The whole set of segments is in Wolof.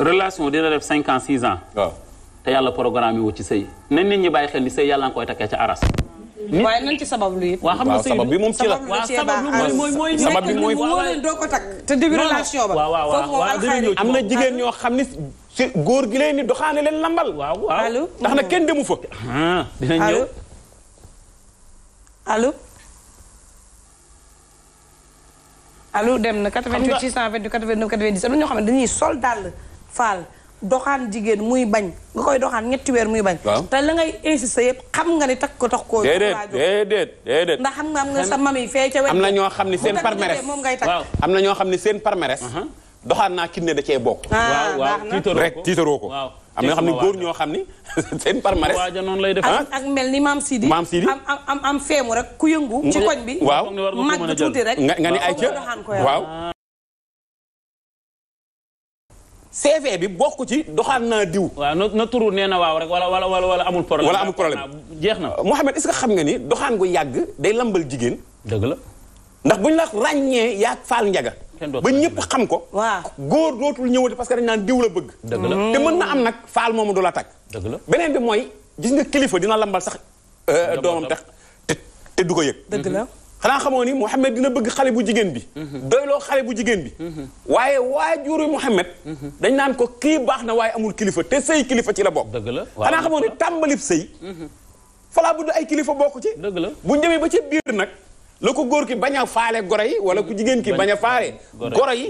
relation dina def cinq ans six ans. waaw te yàlla programme wu ci sëy nañ nit ñi bàyyi xel ni sëy yàlla nga koy takkee ca aras. waaye nañ ci sabab lu yëpp. xam nga sabab bi moom ci la waaw sabab lu mooy mooy sabab mooy doo ko takk te début relation ba. waaw waaw waaw am na jigéen ñoo xam ni si góor gi leen ni doxaane leen lambal. waaw waaw allo ndax nag kenn demu fa. Ah, dinañ ñëw allo allo dem na 88 ñoo xam ne dañuy sol dàll. faal doxaan jigéen muy bañ nga koy doxaan ñetti weer muy bañ. te la ngay insister yëpp xam nga ni takk ko tax koo. déedéet déedéet déedéet. ndax xam am nga sa mami fee ca am na ñoo xam ni seen parmeres moom ngay takk am na ñoo xam ni seen parmeres. doxaan naa kinne da cee bokk. waaw waaw rek tiitaroo ko. am na ñoo xam ne góor ñoo xam ni seen parmarès. waaja noonu lay def ah. ak mel ni maam Sidi. maam Sidi am am feemu rek ku yëngu. ci koñ bi. waaw màgg tuuti rek. nga ni ay ca waaw. CV bi bokk ci doxaan naa diw. waaw na na turu nee na waaw rek wala wala wala amul problème. wala amul problème ah, jeex na. Euh, Mouhamed est-ce que xam nga ni doxaan gu yàgg day lambal jigéen. dëgg la. ndax bu ñu la ràññee yaa faal njaga ba ñëpp xam ko. waaw góor dootul ñëwati parce que dañ naan diw la bëgg. dëgg la te mën na am nag faal moom du la tag la beneen bi mooy gis nga kilifa dina lambal sax euh, doomam tax te te du ko yëg. dëgg la. Mm-hmm. xanaa xamoo ni Mouhamed dina bëgg xale bu jigéen bi. Mhm. doyloo xale bu jigéen bi. Mhm. waaye waajuru Mouhamed. Mhm. dañ naan ko kii baax na waaye amul kilifa te sëy kilifa ci la bokk. dëgg la xanaa xamoo ni tàmbalib sëy. falaa bu ay kilifa bokk ci. dëgg la bu ñu ba ci biir nag. loo ko góor ki bañ a faale goro yi wala ku jigéen ki bañ a faale goro yi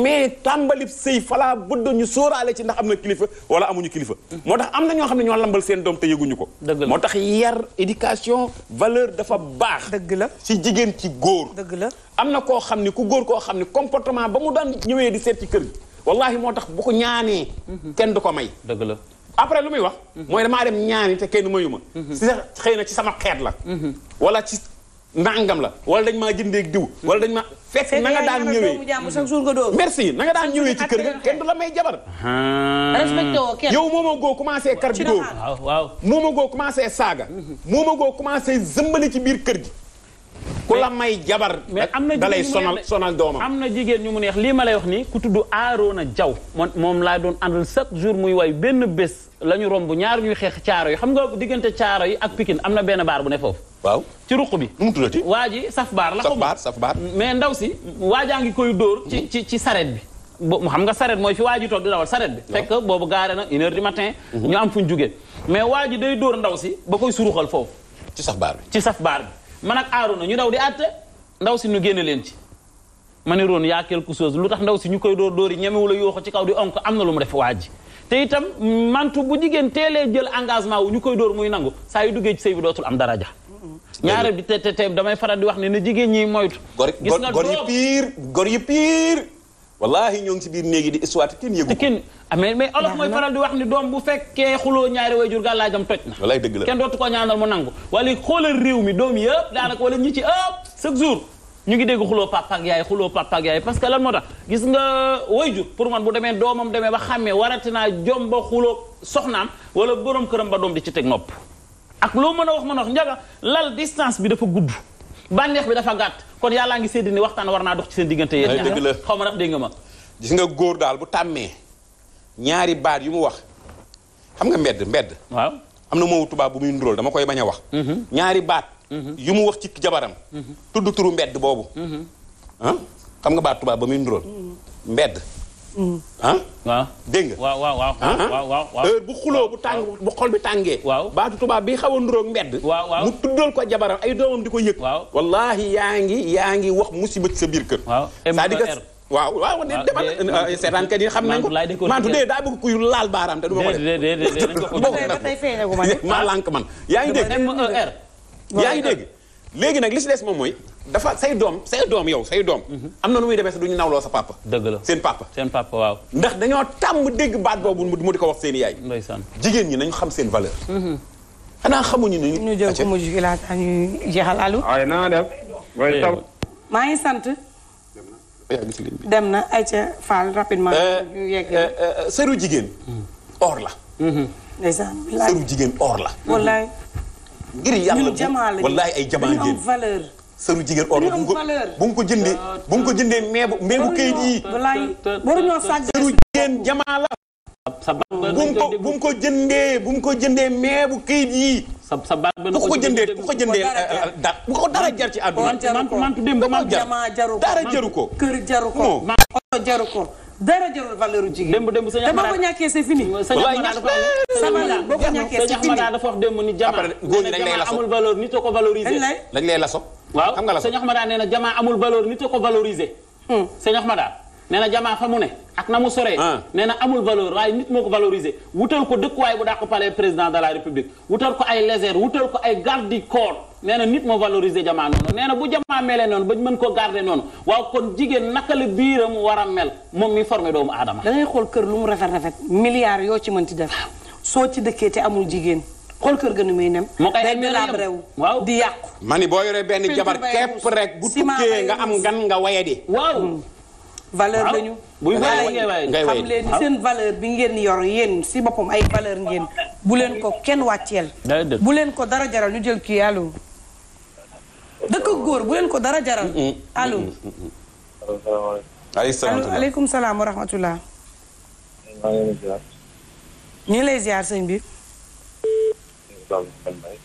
mais tàmbalib sëy falaa bëdd ñu sooraale ci ndax am na kilifa wala amuñu kilifa moo tax am na ñoo xam ne ñoo lambal seen doom te yëguñu ko moo tax yar éducation valeur dafa baax dëgg la ci jigéen ci góor dëgg la am na koo xam ne ku góor koo xam ne comportement ba mu daan ñëwee di seet ci kër gi wallahi moo tax bu ko ñaanee mhm. kenn du ko may dëgg la après lu muy wax mhm. mooy damaa dem yi te kenn mayu ma mhm. xëy na ci sama xeet la nangam la wala dañ maa jëndeeg diw wala dañ ma fekk na nga daan ñëwee merci na nga daan ñëwee ci kër ga kenn du a may jabar ah. respecté woo kenn yow goo commencé kar bidoo waaw mooma goo commencé saaga mooma goo commencé zëmbali ci biir kër gi ku la may jabar da lay sonal sonal doomam am na jigéen ñu mu neex lii ma lay wax nii ku tudd Aroona Jaw moom laa doon àndal chaque jour muy way benn bés la ñu romb ñaar ñuy xeex caaro yi xam nga diggante caaro yi ak Pikine am na benn baar bu ne foofu waaw ci ruq bi. nu waa ji saf baar la. saf baar saf baar mais ndaw si waajaa ngi koy dóor. ci ci ci bi. bo xam nga saret mooy fi waa ji toog di dawal saret bi. fekk boobu gaare na une heure matin. Mhm. ñu am fu ñu jugee. mais waa ji day dóor ndaw si ba koy suruxal foofu. ci baar bi ci saf baar bi. man ak aaruna ñu di àtte ndaw si ñu génne leen ci. ma ne roon yaa quelque chose lu tax ndaw si ñu koy dóor dóor yi ñemewu la yooxo ci kaw di onk am na lu mu def waa te itam mantu bu jigéen teelee jël engagement wu ñu koy dóor muy nangu saa yi duggee ci sëy bi dootul am daraja ñaare bi te te damay faral di wax ne na jigéen ñi moytu. gis nga gor yi piir gor yi piir. wallahi ñoo ngi si biir néegi di histoire te kenn yëgu ko kenn ah, mais mais olof mooy faral di wax ni doom bu fekkee xuloo ñaari wayjur gàllaajam toj na wallaay dëgg la kenn dootu ko ñaanal mu nangu wala xoolal réew mi doom yëpp daanaka wala ñi ci ëpp chaque jour ñu ngi dégg xuloo papa ak yaay xuloo papa parce que lan moo tax gis nga wayjur pour man bu demee doomam demee ba xàmmee warati naa jom ba xuloo soxnaam wala borom këram ba doom di ci teg nopp ak loo mën a wax mën a wax njaga lal distance bi dafa gudd bànneex bi dafa gàtt kon yàllaa ngi sédd ni waxtaan war naa dox ci seen diggante yéen ñaar xaw ma ndax dégg nga ma gis nga góor daal bu tàmmee ñaari baat yu mu wax xam nga mbedd mbedd waaw am na moomu tubaab bu muy nduróol dama koy bañ a wax mhm. ñaari baat mhm. yu mu wax ci jabaram mhm. tudd turu mbedd boobu ah xam nga baat tubaab ba muy nduróol mbedd ah. waaw dégg nga. Ah? waaw waaw waaw heure bu xuloo bu tàng bu xol bi tàngee. waaw baatu tubaab bi xaw a nduróog mbedd. waaw waaw mu tuddal ko jabaram ay doomam di ko yëg. waaw wallaahi yaa ngi yaa ngi wax musiba ci sa biir kër. waaw c'est-à-dire waaw waaw ah, demal euh, seetaankat yi xam nañ ko mantu dee daa bëgg kuy laal baaraam te du ma ko def maa lànk man yaa ngi dégg yaa ngi dégg léegi nag li si des moom mooy dafa say doom say doom yow say doom. Mhm. am na lu muy demee sax du ñu nawloo sa papa. dëgg la seen papa. seen papa waaw. ndax dañoo tàmm dégg baat boobu mu di ko wax seen i yaay. ndeysaan jigéen ñi nañu xam seen valeur. Mhm. xanaa xamuñu ni. ñu jël ko mujj gi laata ñuy jeexal allo. waaye naa def. Eh, maa ngi sant. dem na ayca Fall rapidement. Eh, ñu eh, jigéen. Mm. or la. Mhm. ndeysaan sëru jigéen or la. wallaay. ngir yàlla bu wallaay ay jamaa valeur. sëru jigéen or bu mu ko jëndee bu mu ko jëndee meebu meebu kayit yi waruñoo sàgg sëru jigéen jamaa la bu mu ko bu mu ko jëndee bu mu ko jëndee meebu kayit yi bu ko jëndee bu ko jëndee eh, eh, dara bu ko dara jar ci àdduna man dara jaru ko kër jaru ko oto jaru ko dara jarul valeur u jigéen. démb démb sëñ Amara te boo ko ñàkkee c'est fini. waaye ñax la boo ko ñàkkee c'est fini. dafa wax démb ni jamaa amul valeur nit a ko valoriser. dañ lay laso. waaw xam nga la sëñ Ahmada nee na jamaa amul valeur nit a ko valoriser. Hmm. sëñ Ahmada nee na jamaa fa mu ne ak na mu soree. Ah. nee na amul valeur waaye nit moo ko valoriser wutal ko dëkkuwaay bu daa ko palais président de la république wutal ko ay lésère wutal ko ay garde du corps nee na nit moo valoriser jamaa noonu nee na bu jamaa melee noonu ba mën ko garder noonu waaw kon jigéen naka la biiram war a mel moom mi formé doomu aadama. da ngay xool kër lu mu rafet rafet milliards yoo ci mën ti def soo ci dëkkee te amul jigéen. xool kër ga nu muy nem. moo koy rew waaw di yàqu. ma ni boo yoree benn jabar képp rek bu tukkee nga am ngan nga waye di. waaw. Hmm. valeur lañu. buy waye ngay waye leen seen valeur bi ngeen yor yéen si boppam ay valeur ngeen bu leen ko kenn wàcceel. bu leen ko dara jaral ñu jël kii allo. dëkk góor bu leen ko dara jaral. allo. aleykum salaam wa rahmatulah. ñu ngi lay bi. loolu man may.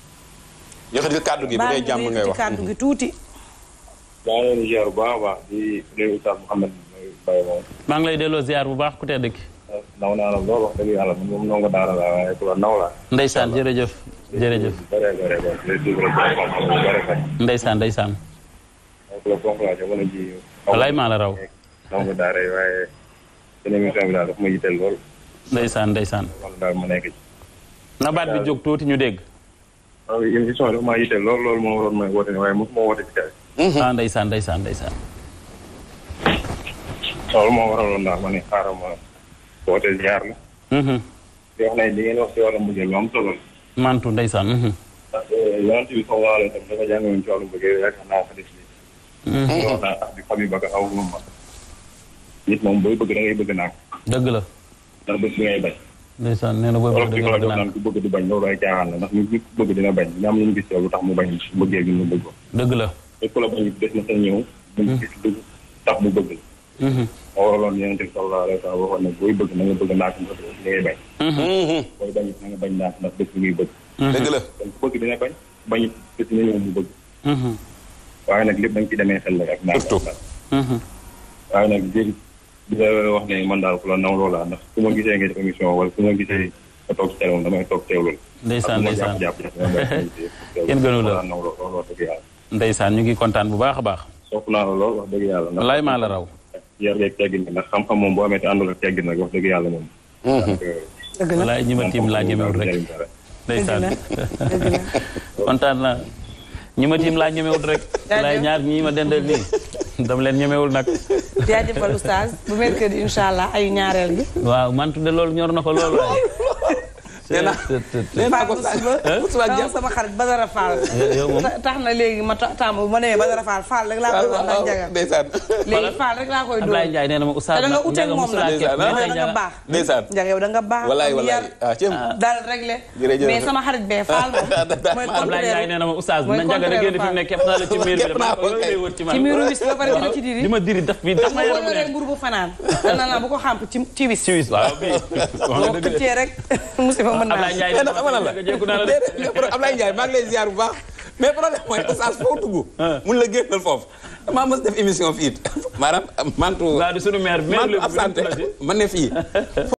yëkkatil kàddu gi bu dee jàmm ngay wax kàddu gi maa ngi lay ziar bu bu baax ku tedd ki. naw dëgg yàlla moom noo nga daara la waaye ku ndeysaan jërëjëf jërëjëf. ndeysaan ndeysaan. ma yitteel lool. ndeysaan ndeysaan. na baat bi jóg tuuti ñu dégg. waaw émission bi maa yitte lool lool moo waroon may woote waaye mosuma woote ci kaay. Mm-hmm. ah ndeysaan ndeysaan ndeysaan. loolu moo waraloon daal ma ne xaaral ma woote ziar la. Mm-hmm. di wax ne li ngeen wax ci wàllu mbëggeel lu am solo la. mantu ndeysaan. Mm-hmm. parce que yonent bi sallallahu alayhi wa sallam dafa jàngoon ci wàllu mbëggeel yaakaar naa ko def lii. wax naa tax bi xam yi ba ko aw ma nit moom booy bëgg da ngay bëgg naa ko. dëgg la. ndax bés bi ngay bañ. ndeysaan nee na booy bëgg dëgg la naan ku bëgg di bañ loolu ay caaxaan la ndax ñu ku bëgg dina bañ ña am lu ñu gis yow lu tax mu bañ bëggee gi mu bëgg ko dëgg la te ku la bañ des na sa ñëw mm-hmm. mu gis lu tax mu bëgg la mm-hmm. moo waraloon yonente bi sallallahu alayhi wa sallam waxoon ne booy bëgg na nga bëgg naak ndax li ngay bañ mm-hmm. booy bañ na nga bañ naak ndax bés bi ngay bëgg dëgg la kon ku bëgg dina bañ bañ bés na ñëw mu bëgg waaye nag lépp dañ ci demee xel la ak naak waaye nag di la wax ne man daal ku la nawloo ndax ku ma gisee nga def émission wala ku ma gisee a toog si téléphone damay toog teewlu la. ndeysaan ndeysaan kenn gënu la ndeysaan ñu ngi kontaan bu baax a baax. sopp la lool wax dëgg yàlla. walaay maa la raw. yar geeg teggin ndax xam-xam moom boo amee te àndul ak teggin nag wax dëgg yàlla moom. Mhm. la walaay ñi ma tiim laa ñemewul rek. ndeysaan kontaan naa ñi la tiim laa ñemewul rek. walaay ñaar ñii a dendal nii dama leen ñemewul nag jaajëfal oustaz bu mercredi incha allah ayu ñaareel gi. waaw man tudde loolu ñor na ko loolu. nee naa nee naa ko sama xarit Badara Fall. tax na léegi ma taamu ma nee Badara Fall Fall rek laa koy wax ndax Ndiaga. ndeysaan léegi Fall rek laa koy dóor Ablaye Ndiaye nee na ma Oustaz. da nga uteeg moom la da nga baax. ndeysaan Ndiaga yow da nga baax. walaay walaay ah ceeb daal rek le. jërëjëf mais sama xarit bee Fall moom. mooy contraire Ablaye Ndiaye nee na ma Oustaz na Ndiaga rek yéen a fi mu ne képp naa la ci miir bi la ci miiru wis ba pare dina ci diri. li ma diri daf bi daf ma yaram ne mburu bu fanaan. dana naa bu ko xamp ci wis ci wis waaw mën naa mais nag xamal la déedéet Ablaye Ndiaye maa ngi lay ziar bu baax mais problème mooy message foo dugg ah. mun la génnal foofu maa def émission fii it maanaam mantu mantu ne fii